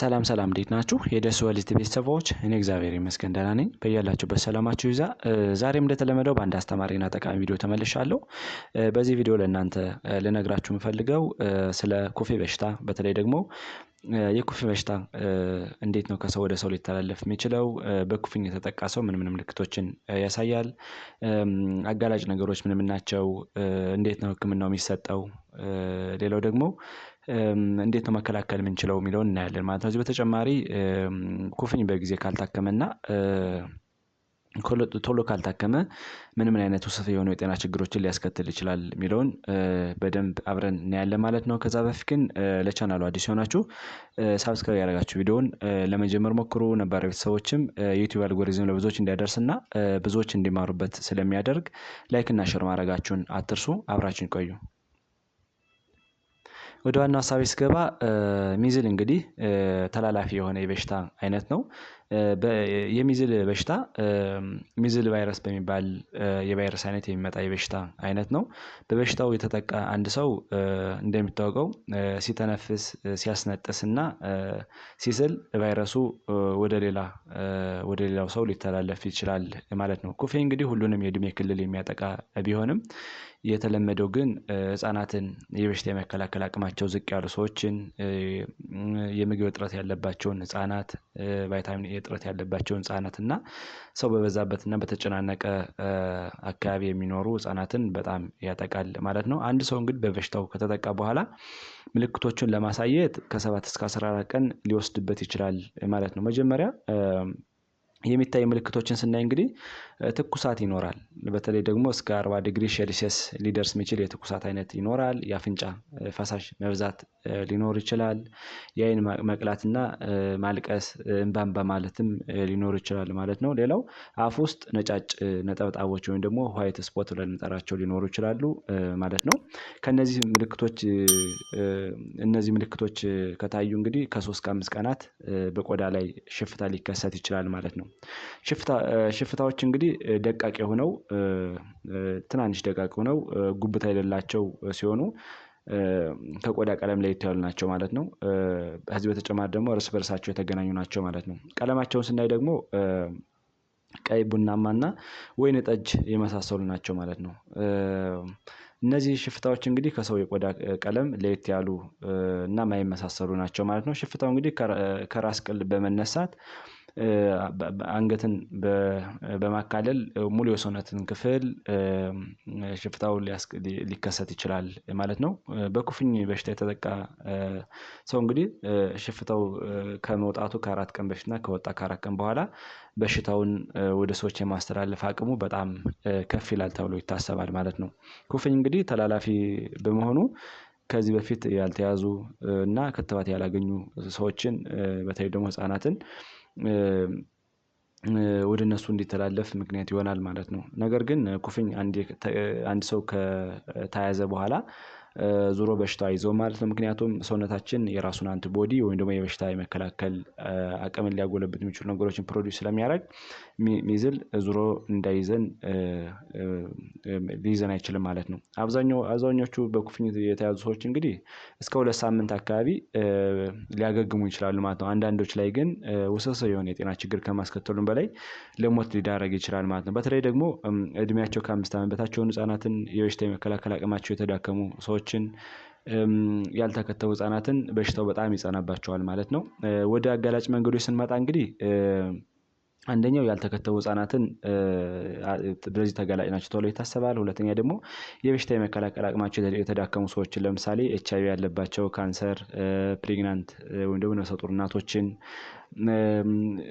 ሰላም ሰላም እንዴት ናችሁ? የደሱ ወልት ቤተሰቦች፣ እኔ እግዚአብሔር ይመስገን ደህና ነኝ። በያላችሁበት ሰላማችሁ ይዛ። ዛሬም እንደተለመደው በአንድ አስተማሪና ጠቃሚ ቪዲዮ ተመልሻለሁ። በዚህ ቪዲዮ ለእናንተ ልነግራችሁ የምፈልገው ስለ ኩፌ በሽታ በተለይ ደግሞ የኩፍኝ በሽታ እንዴት ነው ከሰው ወደ ሰው ሊተላለፍ የሚችለው? በኩፍኝ የተጠቃ ሰው ምን ምን ምልክቶችን ያሳያል? አጋላጭ ነገሮች ምን ምን ናቸው? እንዴት ነው ህክምናው የሚሰጠው? ሌላው ደግሞ እንዴት ነው መከላከል የምንችለው የሚለውን እናያለን ማለት ነው። እዚህ በተጨማሪ ኩፍኝ በጊዜ ካልታከመና ቶሎ ካልታከመ ምን ምን አይነት ውስፍ የሆኑ የጤና ችግሮችን ሊያስከትል ይችላል የሚለውን በደንብ አብረን እናያለን ማለት ነው። ከዛ በፊት ግን ለቻናሉ አዲስ የሆናችሁ ሳብስክራይብ ያደረጋችሁ ቪዲዮውን ለመጀመር ሞክሩ። ነባር ቤተሰቦችም የዩቲዩብ አልጎሪዝም ለብዙዎች እንዲያደርስና ብዙዎች እንዲማሩበት ስለሚያደርግ ላይክ እና ሸር ማድረጋችሁን አትርሱ። አብራችን ቆዩ። ወደ ዋናው ሀሳቤ ስገባ ሚዝል እንግዲህ ተላላፊ የሆነ የበሽታ አይነት ነው። የሚዝል በሽታ ሚዝል ቫይረስ በሚባል የቫይረስ አይነት የሚመጣ የበሽታ አይነት ነው። በበሽታው የተጠቃ አንድ ሰው እንደሚታወቀው ሲተነፍስ፣ ሲያስነጥስ እና ሲስል ቫይረሱ ወደ ሌላ ወደ ሌላው ሰው ሊተላለፍ ይችላል ማለት ነው። ኩፌ እንግዲህ ሁሉንም የእድሜ ክልል የሚያጠቃ ቢሆንም የተለመደው ግን ህፃናትን የበሽታ የመከላከል አቅማቸው ዝቅ ያሉ ሰዎችን የምግብ እጥረት ያለባቸውን ህጻናት፣ ቫይታሚን ኤ እጥረት ያለባቸውን ህጻናት እና ሰው እና በተጨናነቀ አካባቢ የሚኖሩ ህፃናትን በጣም ያጠቃል ማለት ነው። አንድ ሰው እንግዲህ በበሽታው ከተጠቃ በኋላ ምልክቶቹን ለማሳየት ከሰባት እስከ አስራ አራት ቀን ሊወስድበት ይችላል ማለት ነው። መጀመሪያ የሚታይ ምልክቶችን ስናይ እንግዲህ ትኩሳት ይኖራል። በተለይ ደግሞ እስከ አርባ ዲግሪ ሴልሲየስ ሊደርስ የሚችል የትኩሳት አይነት ይኖራል። የአፍንጫ ፈሳሽ መብዛት ሊኖር ይችላል። የአይን መቅላትና ማልቀስ፣ እንባን በማለትም ሊኖር ይችላል ማለት ነው። ሌላው አፍ ውስጥ ነጫጭ ነጠብጣቦች ወይም ደግሞ ዋይት ስፖት ብለን እንጠራቸው ሊኖሩ ይችላሉ ማለት ነው። ከነዚህ ምልክቶች እነዚህ ምልክቶች ከታዩ እንግዲህ ከሶስት ከአምስት ቀናት በቆዳ ላይ ሽፍታ ሊከሰት ይችላል ማለት ነው። ሽፍታዎች እንግዲህ ደቃቅ የሆነው ትናንሽ ደቃቅ ሆነው ጉብታ የሌላቸው ሲሆኑ ከቆዳ ቀለም ለየት ያሉ ናቸው ማለት ነው። ከዚህ በተጨማሪ ደግሞ እርስ በርሳቸው የተገናኙ ናቸው ማለት ነው። ቀለማቸውን ስናይ ደግሞ ቀይ፣ እና ወይን ጠጅ የመሳሰሉ ናቸው ማለት ነው። እነዚህ ሽፍታዎች እንግዲህ ከሰው የቆዳ ቀለም ለየት ያሉ እና ማይመሳሰሉ ናቸው ማለት ነው። ሽፍታው እንግዲህ ከራስ ቅል በመነሳት አንገትን በማካለል ሙሉ የሰውነትን ክፍል ሽፍታው ሊከሰት ይችላል ማለት ነው። በኩፍኝ በሽታ የተጠቃ ሰው እንግዲህ ሽፍታው ከመውጣቱ ከአራት ቀን በፊትና ከወጣ ከአራት ቀን በኋላ በሽታውን ወደ ሰዎች የማስተላለፍ አቅሙ በጣም ከፍ ይላል ተብሎ ይታሰባል ማለት ነው። ኩፍኝ እንግዲህ ተላላፊ በመሆኑ ከዚህ በፊት ያልተያዙ እና ክትባት ያላገኙ ሰዎችን በተለይ ደግሞ ህጻናትን። ወደ እነሱ እንዲተላለፍ ምክንያት ይሆናል ማለት ነው። ነገር ግን ኩፍኝ አንድ ሰው ከተያዘ በኋላ ዙሮ በሽታ ይዘው ማለት ነው። ምክንያቱም ሰውነታችን የራሱን አንቲቦዲ ወይም ደግሞ የበሽታ የመከላከል አቅምን ሊያጎለብት የሚችሉ ነገሮችን ፕሮዲስ ስለሚያደርግ ሚዝል ዙሮ እንዳይዘን ሊይዘን አይችልም ማለት ነው። አብዛኛው አብዛኞቹ በኩፍኝ የተያዙ ሰዎች እንግዲህ እስከ ሁለት ሳምንት አካባቢ ሊያገግሙ ይችላሉ ማለት ነው። አንዳንዶች ላይ ግን ውስብስብ የሆነ የጤና ችግር ከማስከተሉም በላይ ለሞት ሊዳረግ ይችላል ማለት ነው። በተለይ ደግሞ እድሜያቸው ከአምስት ዓመት በታች የሆኑ ህጻናትን የበሽታ የመከላከል አቅማቸው የተዳከሙ ሰዎች በሽታዎችን ያልተከተቡ ህፃናትን በሽታው በጣም ይጸናባቸዋል ማለት ነው። ወደ አጋላጭ መንገዶች ስንመጣ እንግዲህ አንደኛው ያልተከተቡ ህጻናትን በዚህ ተጋላጭ ናቸው ተብሎ ይታሰባል። ሁለተኛ ደግሞ የበሽታ የመከላከል አቅማቸው የተዳከሙ ሰዎችን ለምሳሌ ኤች አይቪ ያለባቸው፣ ካንሰር፣ ፕሬግናንት ወይም ደግሞ ነፍሰ እናቶችን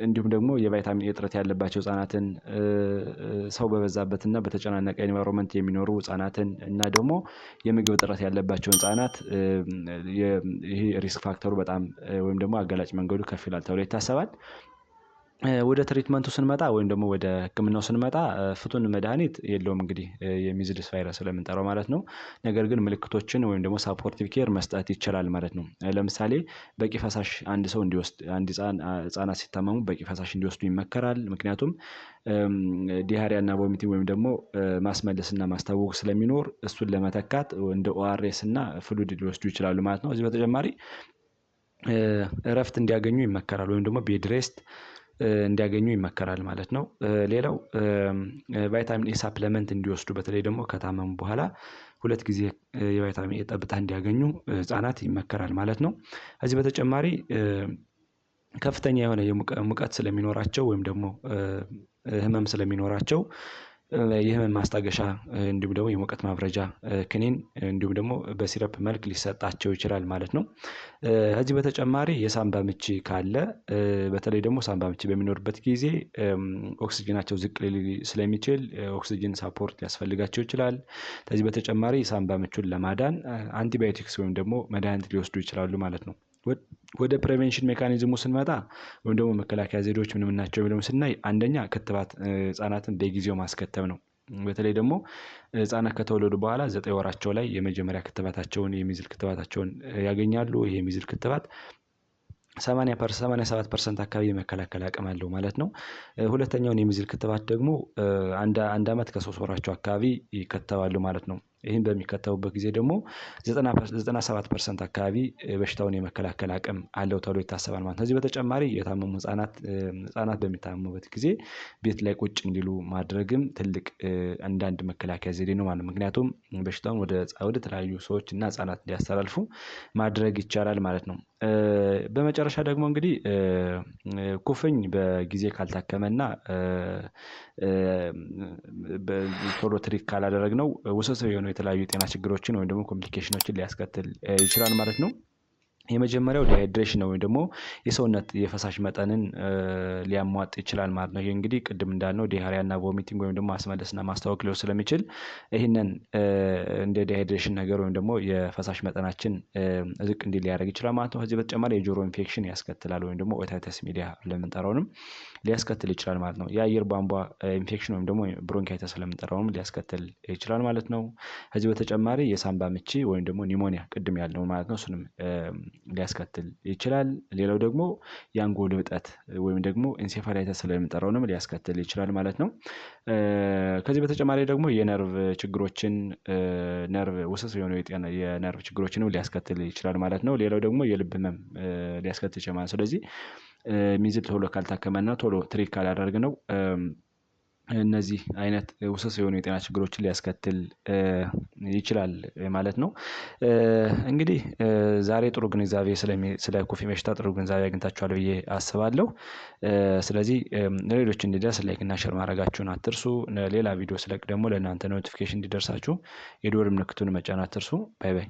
እንዲሁም ደግሞ የቫይታሚን እጥረት ያለባቸው ህጻናትን፣ ሰው በበዛበትና በተጨናነቀ ኤንቫይሮንመንት የሚኖሩ ህጻናትን እና ደግሞ የምግብ እጥረት ያለባቸው ህጻናት ይህ ሪስክ ፋክተሩ በጣም ወይም ደግሞ አጋላጭ መንገዱ ከፍ ይላል ተብሎ ይታሰባል። ወደ ትሪትመንቱ ስንመጣ ወይም ደግሞ ወደ ህክምናው ስንመጣ ፍቱን መድኃኒት የለውም እንግዲህ የሚዝልስ ቫይረስ ስለምንጠራው ማለት ነው። ነገር ግን ምልክቶችን ወይም ደግሞ ሳፖርቲቭ ኬር መስጠት ይችላል ማለት ነው። ለምሳሌ በቂ ፈሳሽ አንድ ሰው እንዲወስድ አንድ ህጻናት ሲታመሙ በቂ ፈሳሽ እንዲወስዱ ይመከራል። ምክንያቱም ዲሃሪያ እና ቮሚቲንግ ወይም ደግሞ ማስመለስ እና ማስታወክ ስለሚኖር እሱን ለመተካት እንደ ኦአርኤስ እና ፍሉድ ሊወስዱ ይችላሉ ማለት ነው። እዚህ በተጨማሪ እረፍት እንዲያገኙ ይመከራል ወይም ደግሞ ቤድሬስት እንዲያገኙ ይመከራል ማለት ነው። ሌላው ቫይታሚን ኤ ሳፕለመንት እንዲወስዱ በተለይ ደግሞ ከታመሙ በኋላ ሁለት ጊዜ የቫይታሚን ኤ ጠብታ እንዲያገኙ ህጻናት ይመከራል ማለት ነው። ከዚህ በተጨማሪ ከፍተኛ የሆነ ሙቀት ስለሚኖራቸው ወይም ደግሞ ህመም ስለሚኖራቸው የህመም ማስታገሻ እንዲሁም ደግሞ የሙቀት ማብረጃ ክኒን እንዲሁም ደግሞ በሲረፕ መልክ ሊሰጣቸው ይችላል ማለት ነው። ከዚህ በተጨማሪ የሳምባ ምች ካለ በተለይ ደግሞ ሳምባ ምች በሚኖርበት ጊዜ ኦክስጅናቸው ዝቅ ስለሚችል ኦክስጅን ሳፖርት ሊያስፈልጋቸው ይችላል። ከዚህ በተጨማሪ የሳምባ ምቹን ለማዳን አንቲባዮቲክስ ወይም ደግሞ መድኃኒት ሊወስዱ ይችላሉ ማለት ነው። ወደ ፕሬቬንሽን ሜካኒዝሙ ስንመጣ ወይም ደግሞ መከላከያ ዘዴዎች ምንም ናቸው የሚለውን ስናይ አንደኛ ክትባት ህጻናትን በጊዜው ማስከተብ ነው። በተለይ ደግሞ ህጻናት ከተወለዱ በኋላ ዘጠኝ ወራቸው ላይ የመጀመሪያ ክትባታቸውን የሚዝል ክትባታቸውን ያገኛሉ። ይህ የሚዝል ክትባት ሰማንያ ፐርሰንት አካባቢ የመከላከል አቅም አለው ማለት ነው። ሁለተኛውን የሚዝል ክትባት ደግሞ አንድ ዓመት ከሶስት ወራቸው አካባቢ ይከተባሉ ማለት ነው። ይህም በሚከተቡበት ጊዜ ደግሞ 97 ፐርሰንት አካባቢ በሽታውን የመከላከል አቅም አለው ተብሎ ይታሰባል ማለት ነው። ከዚህ በተጨማሪ የታመሙ ህጻናት በሚታመሙበት ጊዜ ቤት ላይ ቁጭ እንዲሉ ማድረግም ትልቅ አንዳንድ መከላከያ ዘዴ ነው ማለት ነው። ምክንያቱም በሽታውን ወደ ተለያዩ ሰዎች እና ህጻናት እንዲያስተላልፉ ማድረግ ይቻላል ማለት ነው። በመጨረሻ ደግሞ እንግዲህ ኩፍኝ በጊዜ ካልታከመና ቶሎ ካላደረግ ነው ውስብስብ የሆኑ የተለያዩ የጤና ችግሮችን ወይም ደግሞ ኮምፕሊኬሽኖችን ሊያስከትል ይችላል ማለት ነው። የመጀመሪያው ዲሃይድሬሽን ነው ወይም ደግሞ የሰውነት የፈሳሽ መጠንን ሊያሟጥ ይችላል ማለት ነው። ይህ እንግዲህ ቅድም እንዳልነው ዲሃሪያና ቮሚቲንግ ወይም ደግሞ ማስመለስና ማስታወክ ሊሆን ስለሚችል ይህንን እንደ ዲሃይድሬሽን ነገር ወይም ደግሞ የፈሳሽ መጠናችን ዝቅ እንዲ ሊያደርግ ይችላል ማለት ነው። ከዚህ በተጨማሪ የጆሮ ኢንፌክሽን ያስከትላል ወይም ደግሞ ኦታይተስ ሚዲያ ለምንጠራውንም ሊያስከትል ይችላል ማለት ነው። የአየር ቧንቧ ኢንፌክሽን ወይም ደግሞ ብሮንካይተስ ለምንጠራውም ሊያስከትል ይችላል ማለት ነው። ከዚህ በተጨማሪ የሳምባ ምቺ ወይም ደግሞ ኒሞኒያ ቅድም ያለው ማለት ነው እሱንም ሊያስከትል ይችላል። ሌላው ደግሞ የአንጎል እብጠት ወይም ደግሞ ኢንሴፋላይተስ ስለሚጠራውንም ሊያስከትል ይችላል ማለት ነው። ከዚህ በተጨማሪ ደግሞ የነርቭ ችግሮችን ነርቭ ውስስ የሆኑ የነርቭ ችግሮችንም ሊያስከትል ይችላል ማለት ነው። ሌላው ደግሞ የልብ ህመም ሊያስከትል ይችላል። ስለዚህ ሚዝል ቶሎ ካልታከመና ቶሎ ትሪክ ካላደረግ ነው እነዚህ አይነት ውስስ የሆኑ የጤና ችግሮችን ሊያስከትል ይችላል ማለት ነው። እንግዲህ ዛሬ ጥሩ ግንዛቤ ስለ ኮፊ በሽታ ጥሩ ግንዛቤ አግኝታችኋል ብዬ አስባለሁ። ስለዚህ ለሌሎች እንዲደርስ ላይክ እና ሼር ማድረጋችሁን አትርሱ። ሌላ ቪዲዮ ስለቅ ደግሞ ለእናንተ ኖቲፊኬሽን እንዲደርሳችሁ የዶር ምልክቱን መጫን አትርሱ። ባይ ባይ